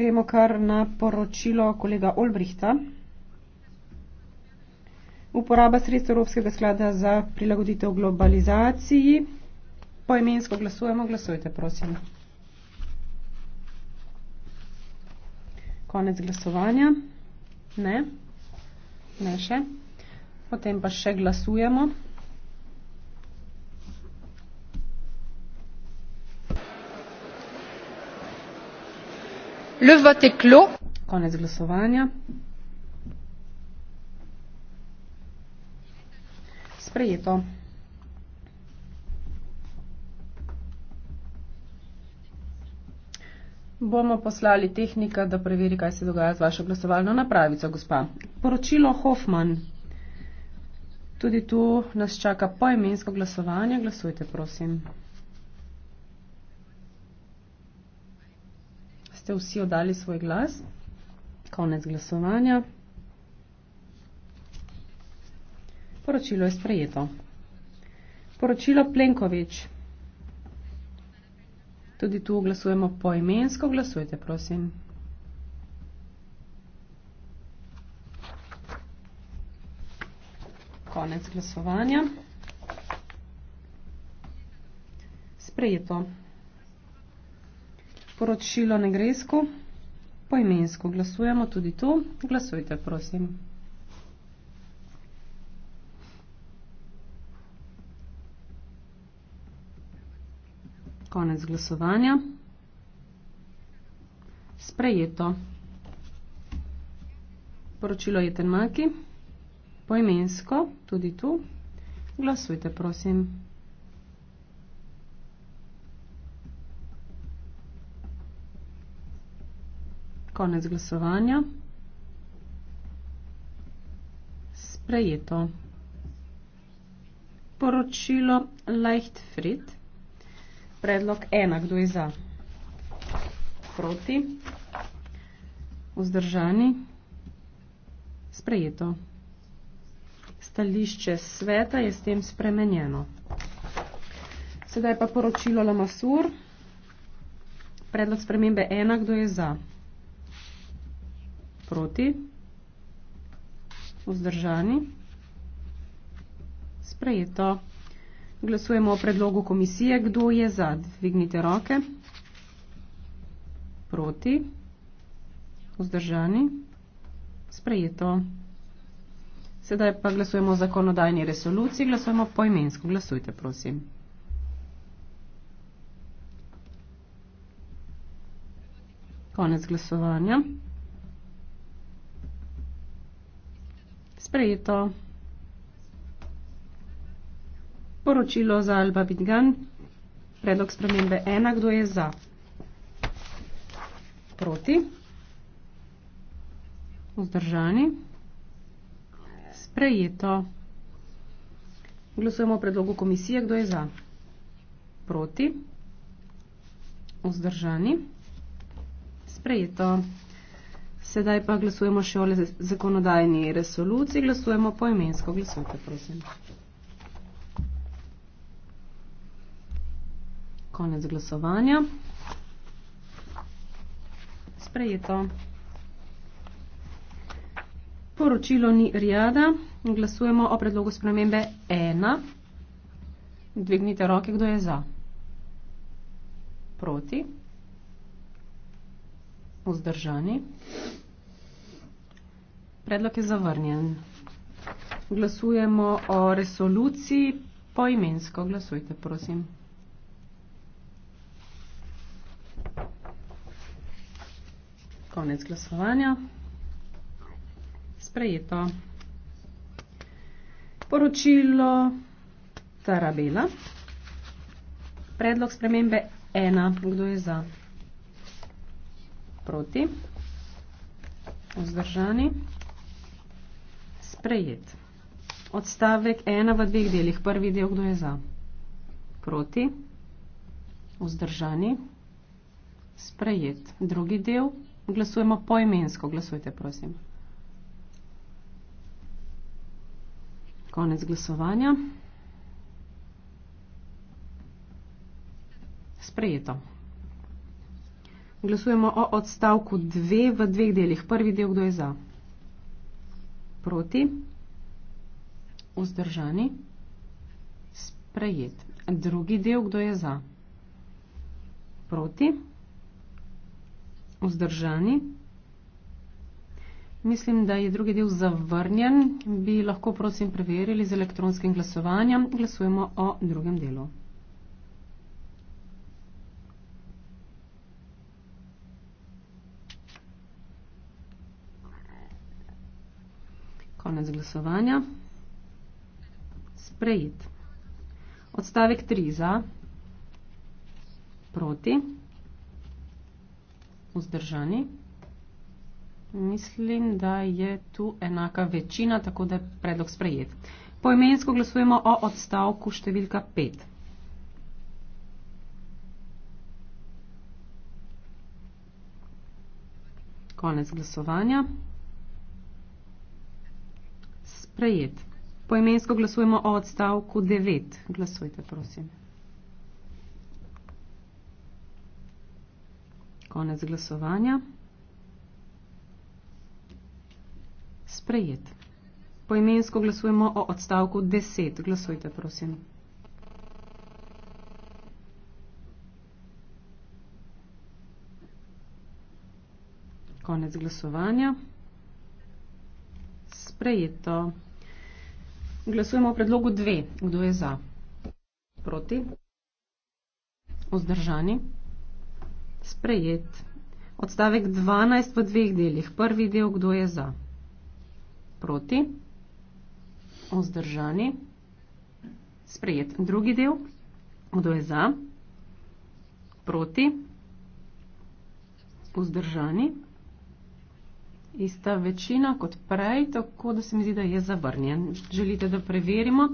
Gremo kar na poročilo kolega Olbrihta. Uporaba sredstva Evropskega sklada za prilagoditev globalizaciji. Poimensko glasujemo, glasujte, prosim. Konec glasovanja. Ne. Ne še. Potem pa še glasujemo. le vote est clos. Konec glasovanja. Sprejeto. Bomo poslali tehnika, da preveri, kaj se dogaja z vašo glasovalno napravico, gospa. Poročilo Hoffman. Tudi tu nas čaka poimensko glasovanje. Glasujte, prosim. ste vsi odali svoj glas. Konec glasovanja. Poročilo je sprejeto. Poročilo Plenkovič. Tudi tu glasujemo poimensko. Glasujte, prosim. Konec glasovanja. Sprejeto sporočilo ne gresko, po imensko glasujemo tudi tu. Glasujte, prosim. Konec glasovanja. Sprejeto. Poročilo je tenmaki. Po imensko, tudi tu. Glasujte, prosim. Konec glasovanja. Sprejeto. Poročilo Leichtfried. Predlog ena. Kdo je za? Proti. Vzdržani. Sprejeto. Stališče sveta je s tem spremenjeno. Sedaj pa poročilo Lamasur. Predlog spremembe ena. Kdo je za? proti, vzdržani, sprejeto. Glasujemo o predlogu komisije, kdo je za, dvignite roke, proti, vzdržani, sprejeto. Sedaj pa glasujemo o zakonodajni resoluciji, glasujemo po imensko, glasujte prosim. Konec glasovanja. Sprejeto. Poročilo za Alba Vidgan. Predlog spremembe ena. Kdo je za? Proti. Vzdržani. Sprejeto. Glasujemo o predlogu komisije. Kdo je za? Proti. Vzdržani. Sprejeto. Sedaj pa glasujemo še o zakonodajni resoluciji. Glasujemo po imensko. Glasujte, prosim. Konec glasovanja. Sprejeto. Poročilo ni rjada. Glasujemo o predlogu spremembe 1. Dvignite roke, kdo je za. Proti. Vzdržani. Vzdržani. Predlog je zavrnjen. Glasujemo o resoluciji poimensko. Glasujte, prosim. Konec glasovanja. Sprejeto. Poročilo Tarabela. Predlog spremembe 1. Kdo je za? Proti. Vzdržani sprejet. Odstavek ena v dveh delih. Prvi del, kdo je za? Proti. Vzdržani. Sprejet. Drugi del. Glasujemo poimensko. Glasujte, prosim. Konec glasovanja. Sprejeto. Glasujemo o odstavku dve v dveh delih. Prvi del, kdo je za? Proti proti, vzdržani, sprejet. Drugi del, kdo je za? Proti, vzdržani. Mislim, da je drugi del zavrnjen. Bi lahko prosim preverili z elektronskim glasovanjem. Glasujemo o drugem delu. konec glasovanja. Sprejet. Odstavek 3 za, proti, vzdržani. Mislim, da je tu enaka večina, tako da je predlog sprejet. Poimensko glasujemo o odstavku številka 5. Konec glasovanja sprejet. Poimensko glasujemo o odstavku 9. Glasujte, prosim. Konec glasovanja. Sprejet. Poimensko glasujemo o odstavku 10. Glasujte, prosim. Konec glasovanja. Sprejeto. Glasujemo o predlogu dve. Kdo je za? Proti? Ozdržani? Sprejet. Odstavek 12 v dveh delih. Prvi del, kdo je za? Proti? Ozdržani? Sprejet. Drugi del, kdo je za? Proti? Ozdržani? Sprejet ista večina kot prej, tako da se mi zdi, da je zavrnjen. Želite, da preverimo?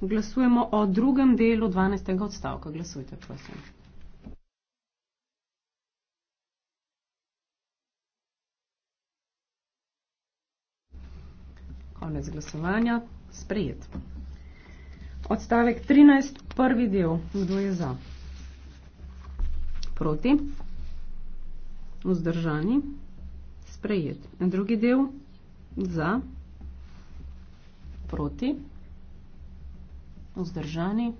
Glasujemo o drugem delu 12. odstavka. Glasujte, prosim. Konec glasovanja. Sprejet. Odstavek 13. Prvi del. Kdo je za? Proti? Vzdržani? sprejet. Drugi del za, proti, vzdržani.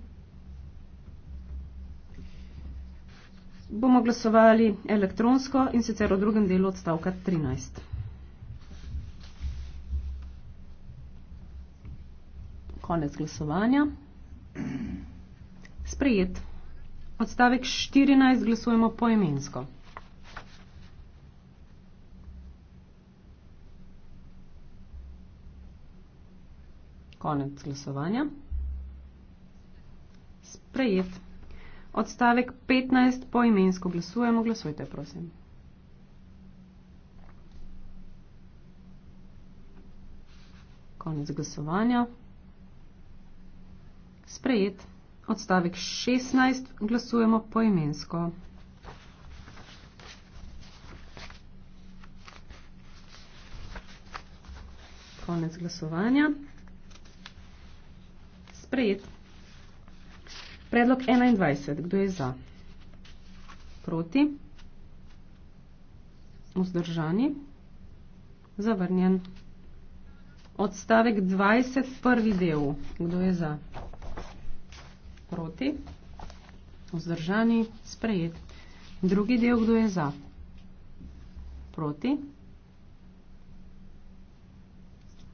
Bomo glasovali elektronsko in sicer v drugem delu odstavka 13. Konec glasovanja. Sprejet. Odstavek 14 glasujemo poimensko. imensko. konec glasovanja. Sprejet. Odstavek 15 po imensko glasujemo. Glasujte, prosim. Konec glasovanja. Sprejet. Odstavek 16 glasujemo po imensko. Konec glasovanja. Sprejet. Predlog 21. Kdo je za? Proti? Vzdržani? Zavrnjen. Odstavek 20. Prvi del. Kdo je za? Proti? Vzdržani? Sprejet. Drugi del. Kdo je za? Proti?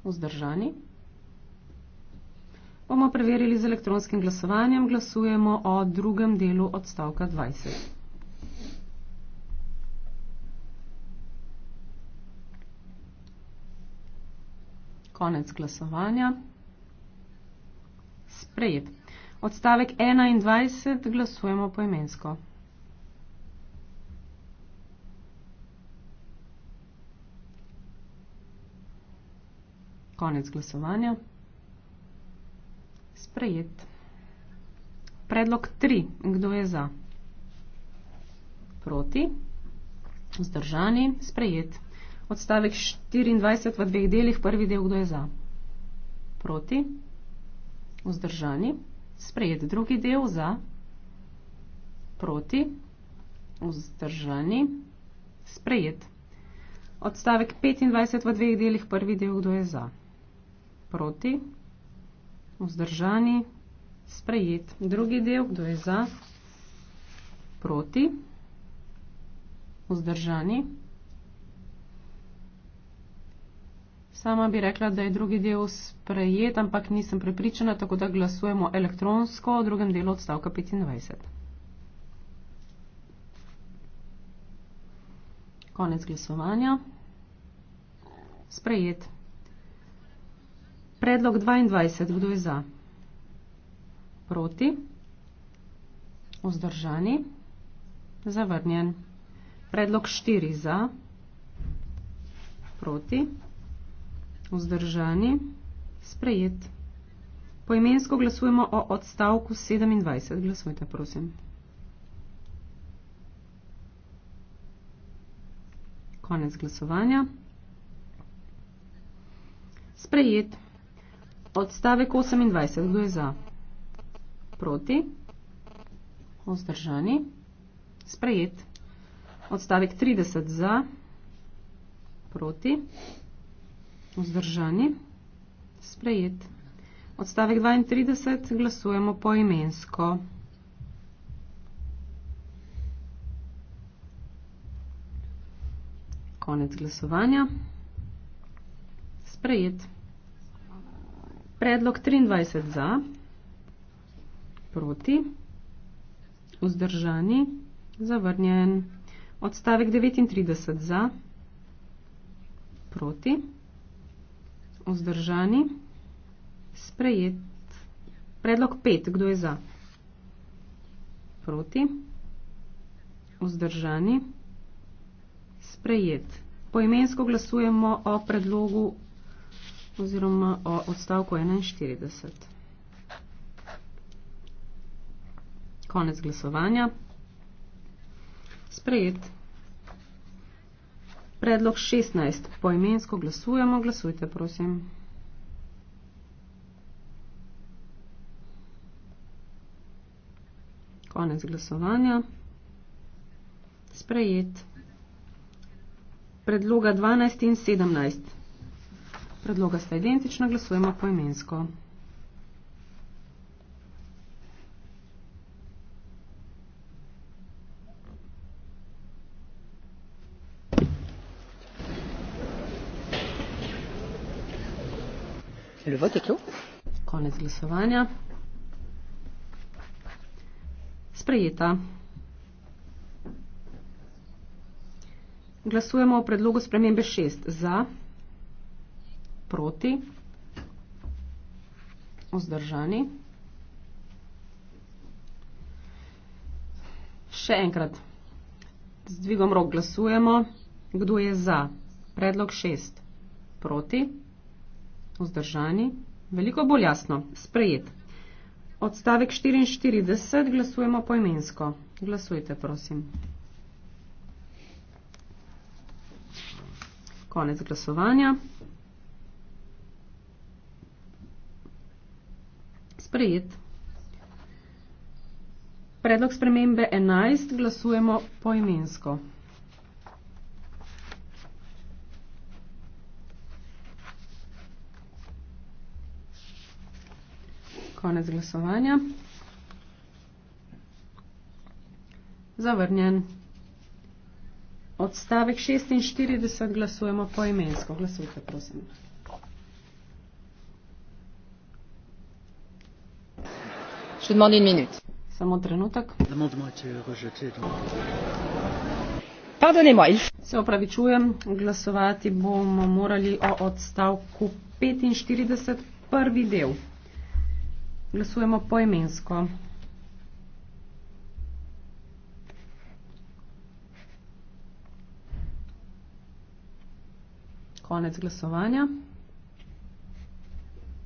Vzdržani? Vzdržani? bomo preverili z elektronskim glasovanjem. Glasujemo o drugem delu odstavka 20. Konec glasovanja. Sprejet. Odstavek 21 glasujemo poimensko. Konec glasovanja. Sprejet. Predlog 3. Kdo je za? Proti. Vzdržani. Sprejet. Odstavek 24 v dveh delih. Prvi del. Kdo je za? Proti. Vzdržani. Sprejet. Drugi del. Za. Proti. Vzdržani. Sprejet. Odstavek 25 v dveh delih. Prvi del. Kdo je za? Proti. Vzdržani vzdržani, sprejet. Drugi del, kdo je za, proti, vzdržani. Sama bi rekla, da je drugi del sprejet, ampak nisem prepričana, tako da glasujemo elektronsko o drugem delu odstavka 25. Konec glasovanja. Sprejet. Predlog 22. Kdo je za? Proti? Vzdržani? Zavrnjen. Predlog 4. Za? Proti? Vzdržani? Sprejet. Poimensko glasujemo o odstavku 27. Glasujte, prosim. Konec glasovanja. Sprejet. Odstavek 28. Kdo je za? Proti? Ozdržani? Sprejet. Odstavek 30. Za? Proti? Ozdržani? Sprejet. Odstavek 32. Glasujemo po imensko. Konec glasovanja. Sprejet. Predlog 23 za, proti, vzdržani, zavrnjen. Odstavek 39 za, proti, vzdržani, sprejet. Predlog 5, kdo je za? Proti, vzdržani, sprejet. Poimensko glasujemo o predlogu 5 oziroma o odstavku 41. Konec glasovanja. Sprejet. Predlog 16. Poimensko glasujemo. Glasujte, prosim. Konec glasovanja. Sprejet. Predloga 12 in 17. Predloga sta identična, glasujemo poimensko. Konec glasovanja. Sprejeta. Glasujemo o predlogu spremembe 6 za proti, vzdržani. Še enkrat, z dvigom rok glasujemo, kdo je za predlog šest, proti, vzdržani, veliko bolj jasno, sprejet. Odstavek 44 glasujemo poimensko. Glasujte, prosim. Konec glasovanja. sprejet. Predlog spremembe 11 glasujemo poimensko. Konec glasovanja. Zavrnjen. Odstavek 46 glasujemo poimensko. Glasujte, prosim. Glasujte. vous demander une minute. No. Pardonnez-moi. Se opravičujem, glasovati bomo morali o odstavku 45, prvi del. Glasujemo poemensko. Konec glasovanja.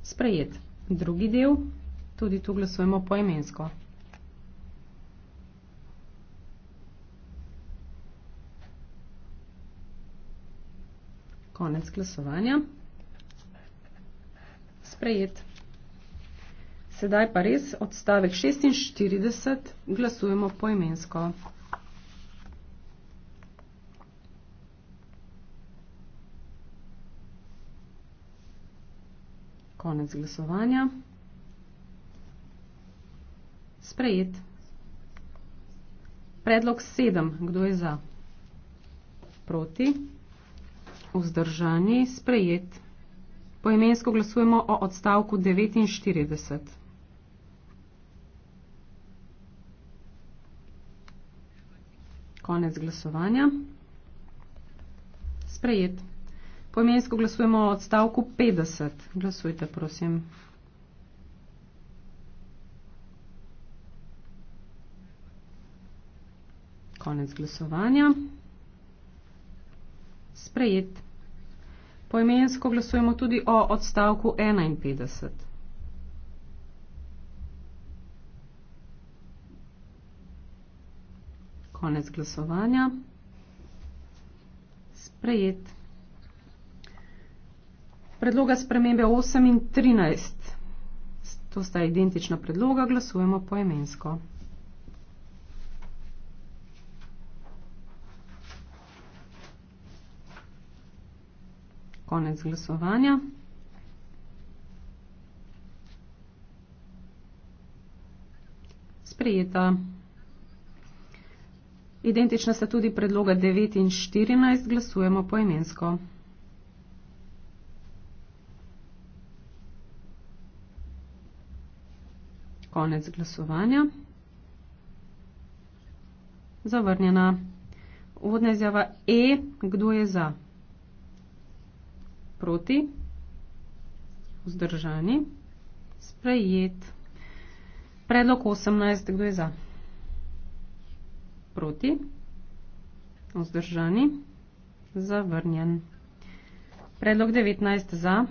Sprejet drugi del. Tudi tu glasujemo poimensko. Konec glasovanja. Sprejet. Sedaj pa res odstavek 46 glasujemo poimensko. Konec glasovanja. Sprejet. Predlog sedem. Kdo je za? Proti. Vzdržani. Sprejet. Poimensko glasujemo o odstavku 49. Konec glasovanja. Sprejet. Poimensko glasujemo o odstavku 50. Glasujte, prosim. konec glasovanja. Sprejet. Poimensko glasujemo tudi o odstavku 51. Konec glasovanja. Sprejet. Predloga spremembe 8 in 13. To sta identična predloga. Glasujemo poimensko. imensko. konec glasovanja. Sprejeta. Identična sta tudi predloga 9 in 14, glasujemo poimensko. Konec glasovanja. Zavrnjena. Uvodna izjava E. Kdo je za? proti, vzdržani, sprejet. Predlog 18, kdo je za? Proti, vzdržani, zavrnjen. Predlog 19 za,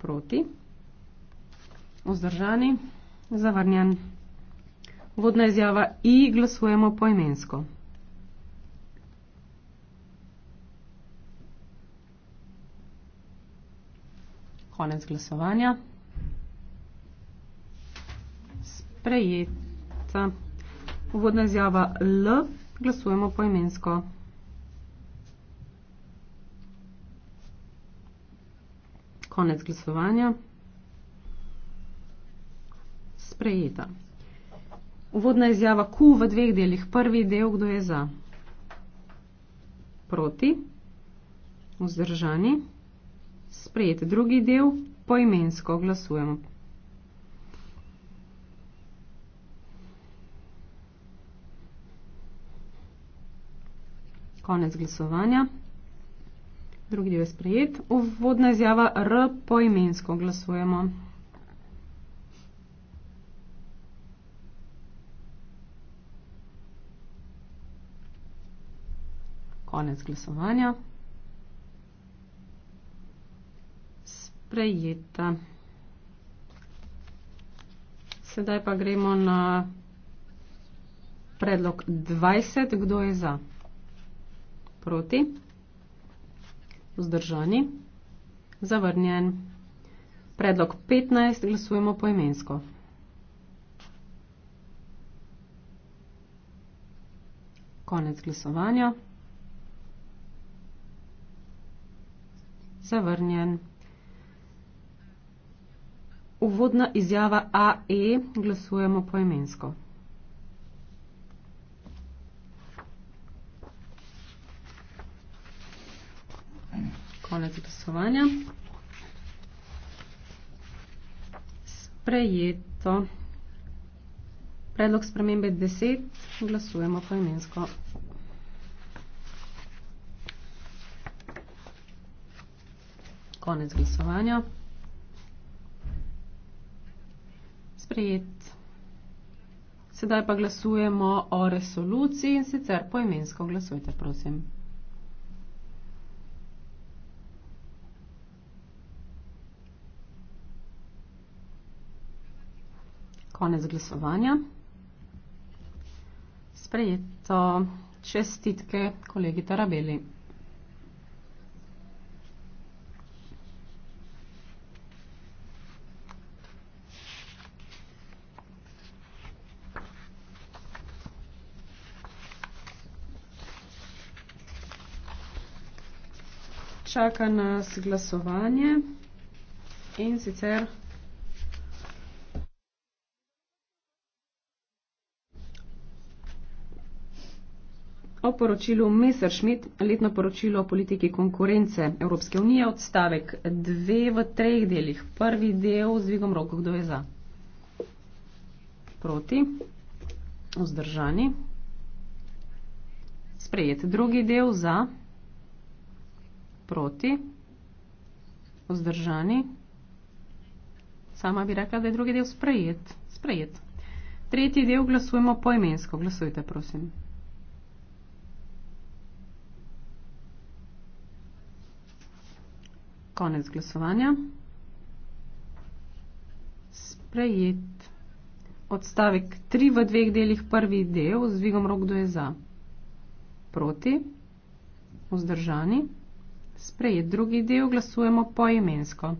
proti, vzdržani, zavrnjen. Vodna izjava I glasujemo po imensko. konec glasovanja. Sprejeta. Uvodna izjava L. Glasujemo poimensko. Konec glasovanja. Sprejeta. Uvodna izjava Q v dveh delih. Prvi del, kdo je za? Proti. Vzdržani. Vzdržani sprejet drugi del, poimensko glasujemo. Konec glasovanja. Drugi del je sprejet. Uvodna izjava R poimensko glasujemo. Konec glasovanja. sprejeta. Sedaj pa gremo na predlog 20. Kdo je za? Proti? Vzdržani? Zavrnjen? Predlog 15. Glasujemo poimensko. Konec glasovanja. Zavrnjen? Zavrnjen? Uvodna izjava AE, glasujemo po imensko. Konec glasovanja. Sprejeto. Predlog spremembe 10, glasujemo po imensko. Konec glasovanja. sprejet. Sedaj pa glasujemo o resoluciji in sicer poimensko glasujte, prosim. Konec glasovanja. Sprejeto. Čestitke kolegi Tarabeli. čaka nas glasovanje in sicer o poročilu Messerschmidt, letno poročilo o politiki konkurence Evropske unije, odstavek dve v treh delih. Prvi del z dvigom roko, kdo je za? Proti. Vzdržani. Sprejet drugi del za proti, vzdržani. Sama bi rekla, da je drugi del sprejet. sprejet. Tretji del glasujemo poimensko. Glasujte, prosim. Konec glasovanja. Sprejet. Odstavek 3 v dveh delih prvi del. Zvigom rok, kdo je za. Proti. Vzdržani sprejet drugi del glasujemo poimensko.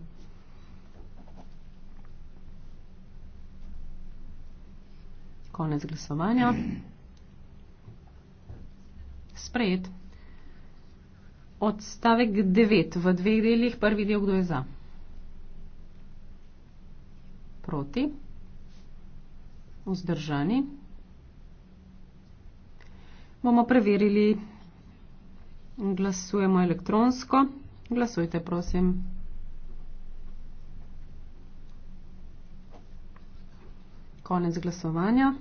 Konec glasovanja. Sprejet. Odstavek 9 v dveh delih, prvi del, kdo je za? Proti. Vzdržani. Bomo preverili. Glasujemo elektronsko. Glasujte, prosim. Konec glasovanja.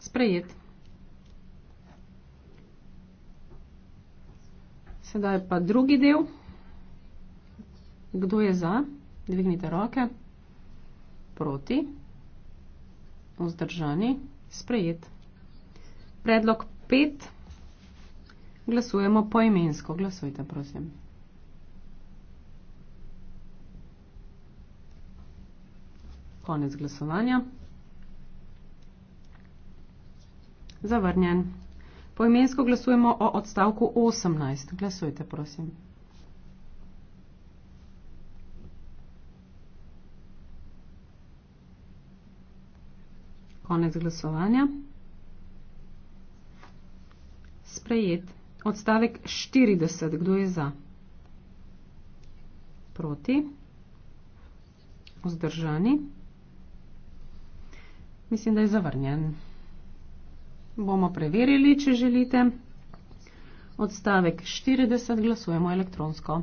Sprejet. Sedaj pa drugi del. Kdo je za? Dvignite roke. Proti. Vzdržani. Sprejet predlog pet. Glasujemo poimensko. Glasujte, prosim. Konec glasovanja. Zavrnjen. Poimensko glasujemo o odstavku 18. Glasujte, prosim. Konec glasovanja sprejet. Odstavek 40. Kdo je za? Proti? Ozdržani? Mislim, da je zavrnjen. Bomo preverili, če želite. Odstavek 40. Glasujemo elektronsko.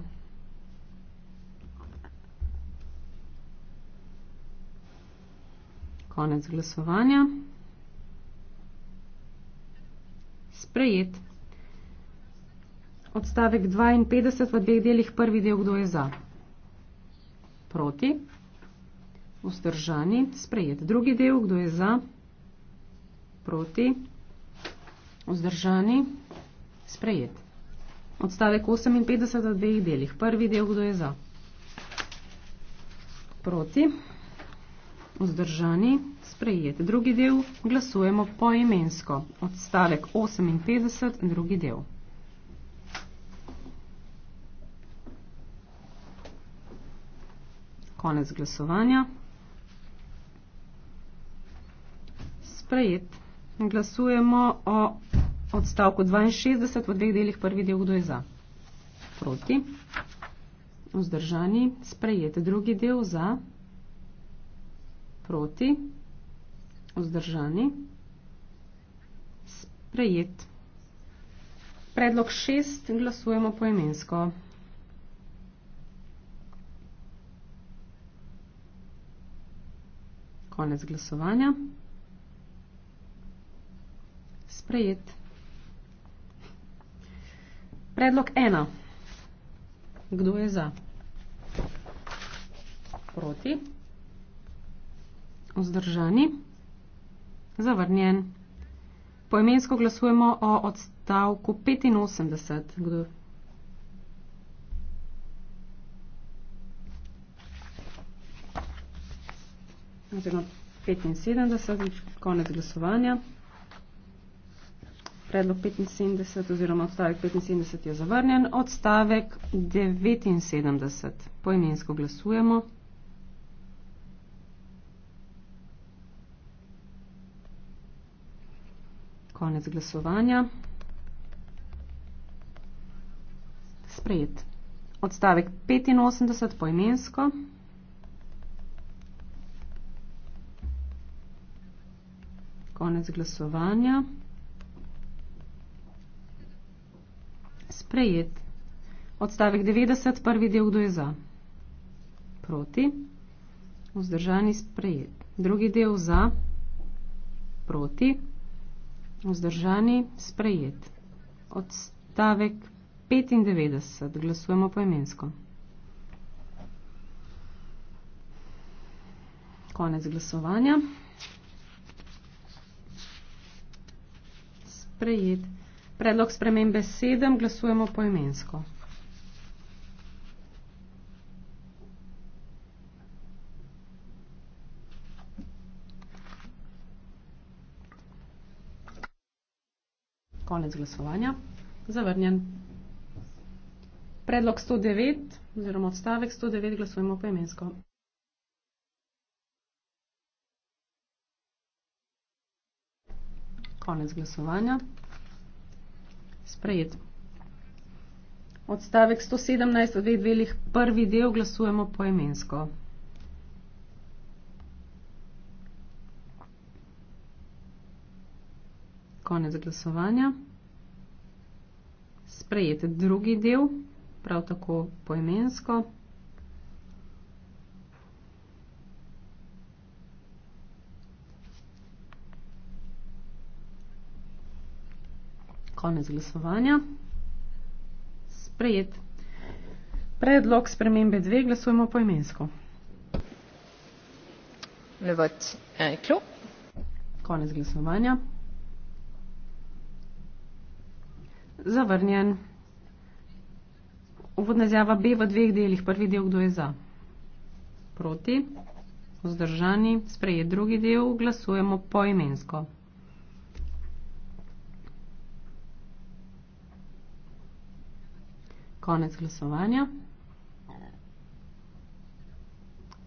Konec glasovanja. sprejet. Odstavek 52 v dveh delih, prvi del, kdo je za? Proti. Vzdržani. Sprejet. Drugi del, kdo je za? Proti. Vzdržani. Sprejet. Odstavek 58 v dveh delih, prvi del, kdo je za? Proti. Vzdržani, sprejet drugi del, glasujemo poimensko. Odstavek 58, drugi del. Konec glasovanja. Sprejet. Glasujemo o odstavku 62 v dveh delih prvi del, kdo je za. Proti. Vzdržani, sprejet drugi del, za proti, vzdržani, sprejet. Predlog šest glasujemo poimensko. Konec glasovanja. Sprejet. Predlog ena. Kdo je za? Proti vzdržani. Zavrnjen. Poimensko glasujemo o odstavku 85. Kdo? Oziroma 75, konec glasovanja. Predlog 75 oziroma odstavek 75 je zavrnjen. Odstavek 79. Poimensko glasujemo. glasujemo. Konec glasovanja. Sprejet. Odstavek 85 poimensko. Konec glasovanja. Sprejet. Odstavek 90, prvi del, kdo je za? Proti. Vzdržani sprejet. Drugi del za? Proti. Vzdržani, sprejet. Odstavek 95. Glasujemo poimensko. Konec glasovanja. Sprejet. Predlog spremembe 7. Glasujemo poimensko. imensko. konec glasovanja. Zavrnjen. Predlog 109 oziroma odstavek 109 glasujemo poimensko. Konec glasovanja. Sprejet. Odstavek 117 odvedvelih prvi del glasujemo poimensko. imensko. konec glasovanja. Sprejete drugi del, prav tako poimensko. Konec glasovanja. Sprejet. Predlog spremembe dve glasujemo poimensko. Le vot eh, Konec glasovanja. Zavrnjen. Uvodna izjava B v dveh delih. Prvi del, kdo je za? Proti. Vzdržani. Sprejet drugi del. Glasujemo poimensko. Konec glasovanja.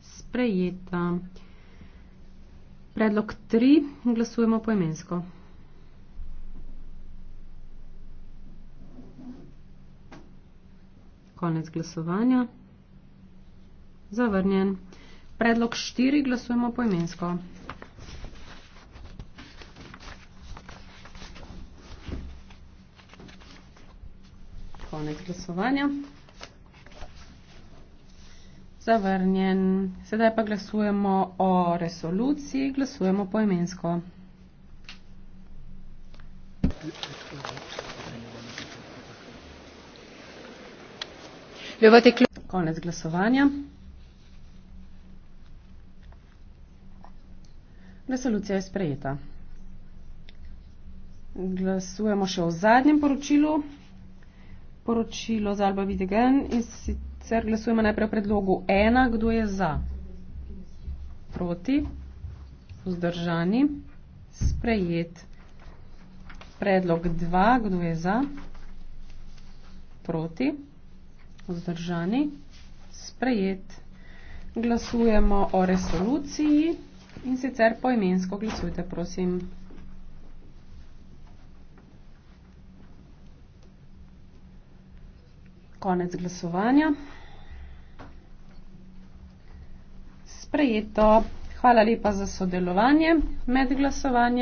Sprejeta. Predlog 3. Glasujemo poimensko. imensko. Konec glasovanja. Zavrnjen. Predlog štiri glasujemo poimensko. Konec glasovanja. Zavrnjen. Sedaj pa glasujemo o resoluciji, glasujemo poimensko. imensko. Konec glasovanja. Resolucija je sprejeta. Glasujemo še o zadnjem poročilu, poročilo za Alba Videgen in sicer glasujemo najprej o predlogu ena, kdo je za, proti, vzdržani, sprejet. Predlog dva, kdo je za, proti vzdržani, sprejet. Glasujemo o resoluciji in sicer poimensko glasujte, prosim. Konec glasovanja. Sprejeto. Hvala lepa za sodelovanje med glasovanjem.